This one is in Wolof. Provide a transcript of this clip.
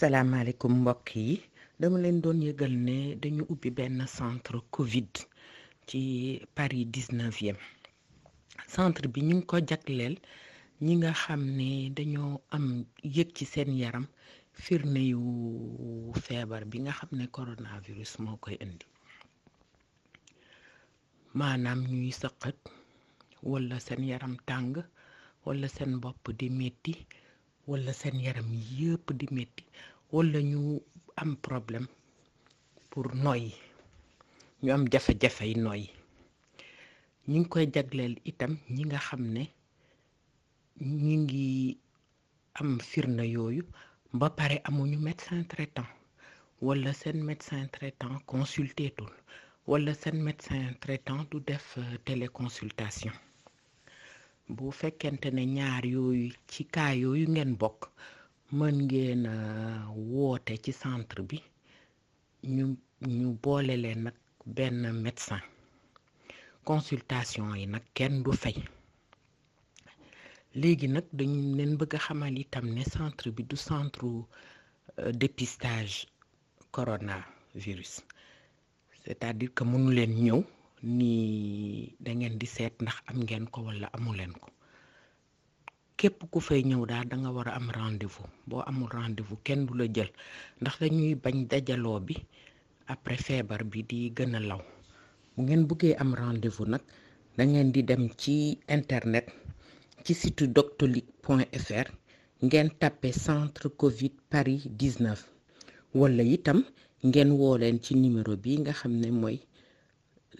salaamaaleykum mbokk yi dama leen doon yëgal ne dañu ubbi benn centre Covid ci Paris 19e centre bi ñu ngi ko jagleel ñi nga xam ne dañoo am yëg ci seen yaram firnde yu feebar bi nga xam ne coronavirus moo koy indi maanaam ñuy sëqat walla seen yaram tàng walla seen bopp di metti wala seen yaram yëpp di métti wala ñu am problème pour noyyi ñu am jafe jafey noyyi ñu ngi koy jagleel itam ñi nga xam ne ñi ngi am firnde yooyu ba pare amuñu médecin traitant wala seen médecin traitant consulté tul walla seen médecin traitant du def euh, téléconsultation bu fekkente ne ñaar yooyu ci kaa yooyu ngeen bokk mën ngeen euh, woote ci centre bi ñu ñu boole leen nag benn médecin consultation yi nag kenn du fay léegi nag dañu leen bëgg a xamal itam ne centre bi du centre euh, dépistage coronavirus c'est-à-dire que mënu leen ñëw nii da ngeen di seet ndax am ngeen ko wala amu leen ko képp ku fay ñëw daal da nga war a am rendez boo amul rendez-vous kenn du la jël ndax dañuy bañ dajaloo bi après feebar bi di gën a law bu ngeen bëggee am rendez nag da di dem ci internet ci site doctolib point fr ngeen tapé centre Covid Paris 19 wala itam ngeen woo leen ci numéro bi nga xam ne mooy.